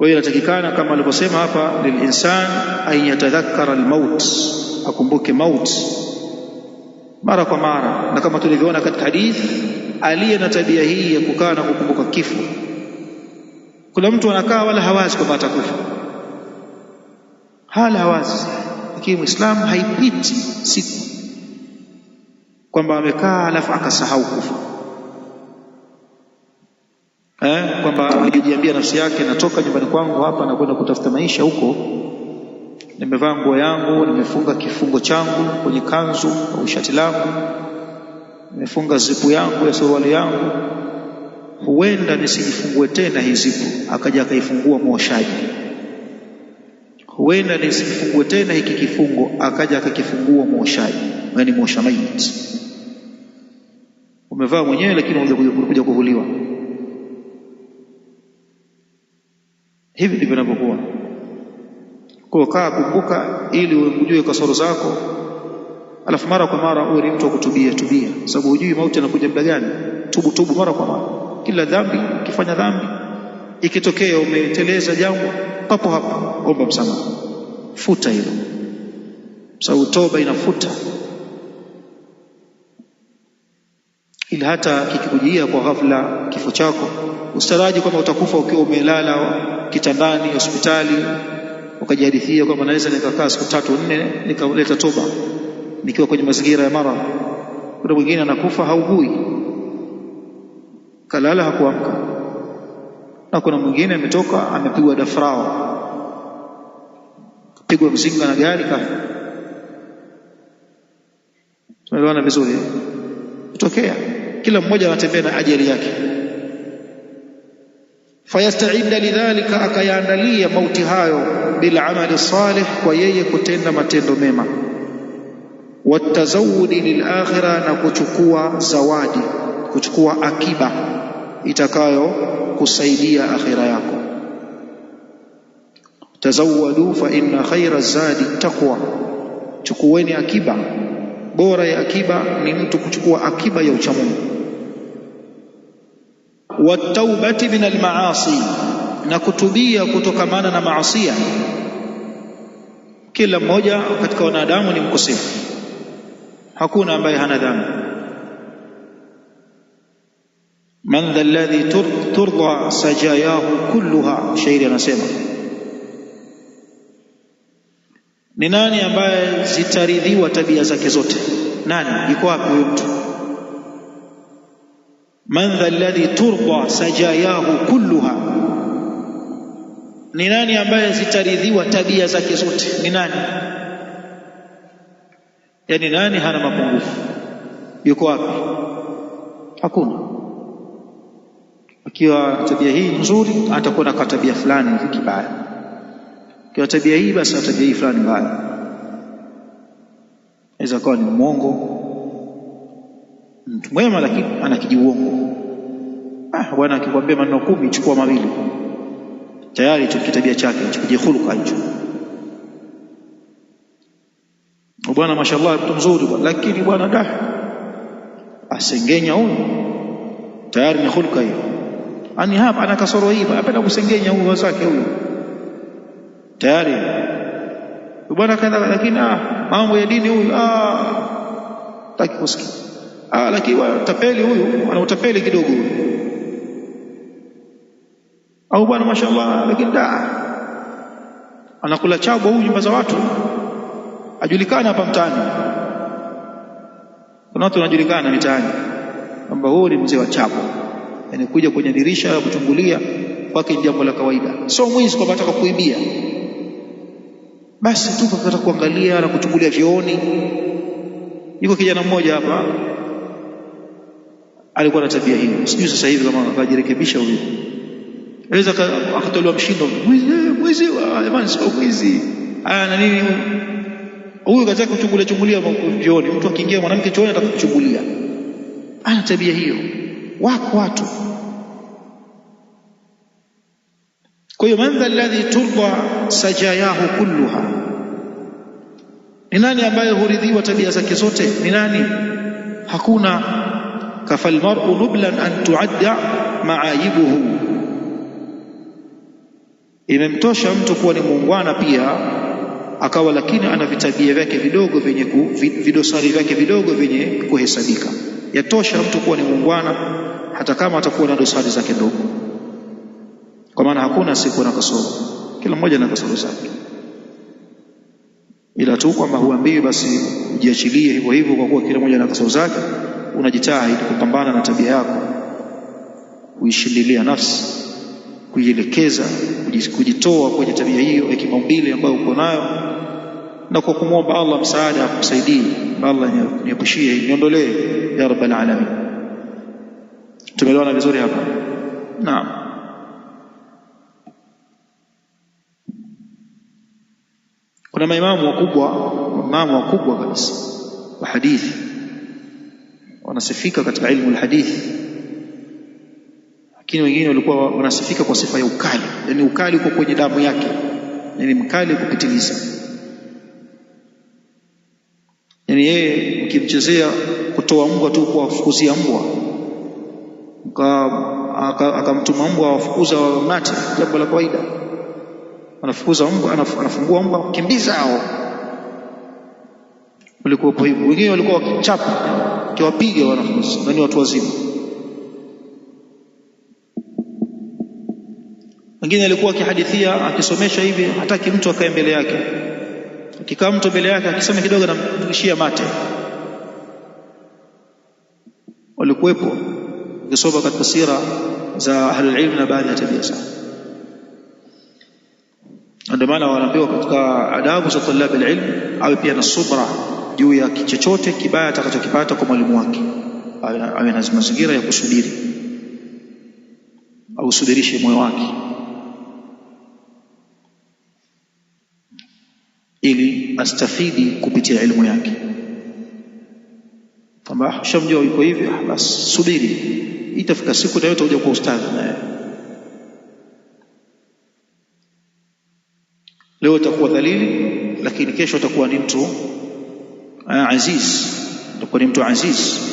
Kwa hiyo inatakikana kama alivyosema hapa, lilinsan an yatadhakkara almaut, akumbuke maut mara kwa mara, na kama tulivyoona katika hadithi, aliye na tabia hii ya kukaa na kukumbuka kifo, kuna mtu anakaa wala hawazi kwamba atakufa, hala hawazi, lakini mwislamu haipiti siku kwamba amekaa alafu akasahau kufa eh, kwamba alijiambia nafsi yake, natoka nyumbani kwangu hapa na kwenda kutafuta maisha huko. Nimevaa nguo yangu, nimefunga kifungo changu kwenye kanzu au shati langu, nimefunga zipu yangu ya suruali yangu, huenda nisijifungue tena hii zipu, akaja akaifungua mwoshaji. Huenda nisijifungue tena hiki kifungo, akaja akakifungua mwoshaji, yani mwosha maiti. Umevaa mwenyewe, lakini unakuja kuvuliwa Hivi ndivyo inavyokuwa. Kwa kaa, kumbuka ili ujue kasoro zako, alafu mara kwa mara uwe ni mtu wa kutubia tubia, sababu hujui mauti anakuja muda gani. Tubu tubu mara kwa mara, kila dhambi. Ukifanya dhambi ikitokea umeteleza jambo, papo hapo omba msamaha, futa hilo, sababu toba inafuta ili hata kikikujia kwa ghafla kifo chako usitaraji kwamba utakufa ukiwa umelala kitandani hospitali, ukajihadithia kwamba naweza nikakaa siku tatu nne nikaleta toba nikiwa kwenye mazingira ya mara Kuna mwingine anakufa haugui, kalala hakuamka, na kuna mwingine ametoka amepigwa dafrao, kapigwa mzinga na gari ka Tunaelewana vizuri, kutokea kila mmoja anatembea na ajali yake. Fayastaida lidhalika, akayaandalia mauti hayo amali salih, kwa yeye kutenda matendo mema. Watazawudi lilakhira, na kuchukua zawadi, kuchukua akiba itakayokusaidia akhira yako. Tazawadu fa inna khaira zadi taqwa, chukueni akiba Bora ya akiba ni mtu kuchukua akiba ya uchamungu. Wataubati min almaasi, na kutubia kutokamana na maasia. Kila mmoja katika wanadamu ni mkosefu, hakuna ambaye hana dhambi. Man dha alladhi turda sajayahu kulluha, shairi anasema Ni nani ambaye zitaridhiwa tabia zake zote? Nani? Yuko wapi huyo mtu? Man dha alladhi turda sajayahu kulluha, ni nani ambaye zitaridhiwa tabia zake zote? Ni nani? Yaani nani hana mapungufu? Yuko wapi? Hakuna. Akiwa tabia hii nzuri, atakuwa na tabia fulani kibaya. Kwa tabia hii basi na tabia hii fulani mbaya, aweza kuwa ni mwongo, mtu mwema lakini ana kijiuongo. Ah, bwana akikwambia maneno kumi, chukua mawili, tayari hicho kitabia chake hicho, kijikhuluka hicho. Oh, bwana mashallah, mtu mzuri bwana, lakini bwana da asengenya huyu, tayari ni khulka hiyo, ani hapa ana kasoro hii, apenda kusengenya huyu wazake huyu tayari bwana kadha, lakini ah, mambo ya dini huyu ah, taki kusikia, ah, lakini tapeli huyu ana utapeli kidogo huyu au bwana mashaallah, lakini da anakula chagwa huyu, nyumba za watu ajulikana hapa mtaani. Kuna watu wanajulikana mitaani kwamba huyu ni mzee wa chagwa, yaani kuja kwenye dirisha kuchungulia kwake ni jambo la kawaida, sio mwizi kwamba ataka kuibia basi tu pakata kuangalia na kuchungulia vyooni. Yuko kijana mmoja hapa alikuwa na tabia hiyo, sijui sasa hivi kama akajirekebisha huyo, aweza akatolewa mshindo, mwizi eh, jamani, sio mwizi na nini huyu, kataka kuchungulia chungulia vyooni. Mtu akiingia mwanamke chooni atakuchungulia, ana tabia hiyo. Wako watu Kwa hiyo man dha alladhi turda sajayahu kulluha, ni nani ambaye huridhiwa tabia zake zote? Ni nani? Hakuna. kafal mar'u nublan an tuadda maayibuhu, imemtosha mtu kuwa ni muungwana pia akawa lakini ana vitabia vyake vidogo vyenye vidosari vyake vidogo vyenye kuhesabika. Yatosha mtu kuwa ni muungwana hata kama atakuwa na dosari zake ndogo. Kwa maana hakuna siku na kasoro, kila mmoja ana kasoro zake, ila tu kwamba huambiwi basi ujiachilie hivyo hivyo, kwa kuwa kila mmoja ana kasoro zake. Unajitahidi kupambana na tabia yako, kuishindilia nafsi, kuielekeza, kujitoa kwenye tabia hiyo ya kimaumbile ambayo uko nayo, na kwa kumwomba Allah msaada, akusaidie Allah, niepushie, niondolee ya rabbal alamin. Tumeelewana vizuri hapa? Naam. Kuna maimamu wakubwa, maimamu wakubwa kabisa wa hadithi, wanasifika katika ilmu alhadithi, lakini wengine walikuwa wanasifika kwa sifa ya ukali, yani ukali uko kwenye damu yake, yani mkali kupitiliza. Yani yeye ukimchezea kutoa mbwa tu, kuwafukuzia mbwa akamtuma mbwa awafukuza mate, jambo la kawaida wanafukuza mbwa, anafungua mbwa, wakimbiza hao. Walikuwepo hivyo, wengine walikuwa wakichapa, wakiwapiga wanafunzi, na ni watu wazima. Wengine alikuwa akihadithia, akisomesha hivi, hataki mtu akae mbele yake. Akikaa mtu mbele yake akisema kidogo, anamrudishia mate. Walikuwepo wakisoma katika sira za ahlulilm na baadhi ya tabia zao ndio maana wanapewa katika adabu za talabi alilm, awe pia na subra juu ya chochote kibaya atakachokipata kwa mwalimu wake, awe na mazingira ya kusubiri, ausubirishe moyo wake ili astafidi kupitia elimu yake, kwamba shamjua yuko hivi, basi subiri, itafika siku na yote utakuja kuwa ustadhi naye. Leo utakuwa dhalili, lakini kesho utakuwa ni mtu eh, aziz, utakuwa ni mtu aziz.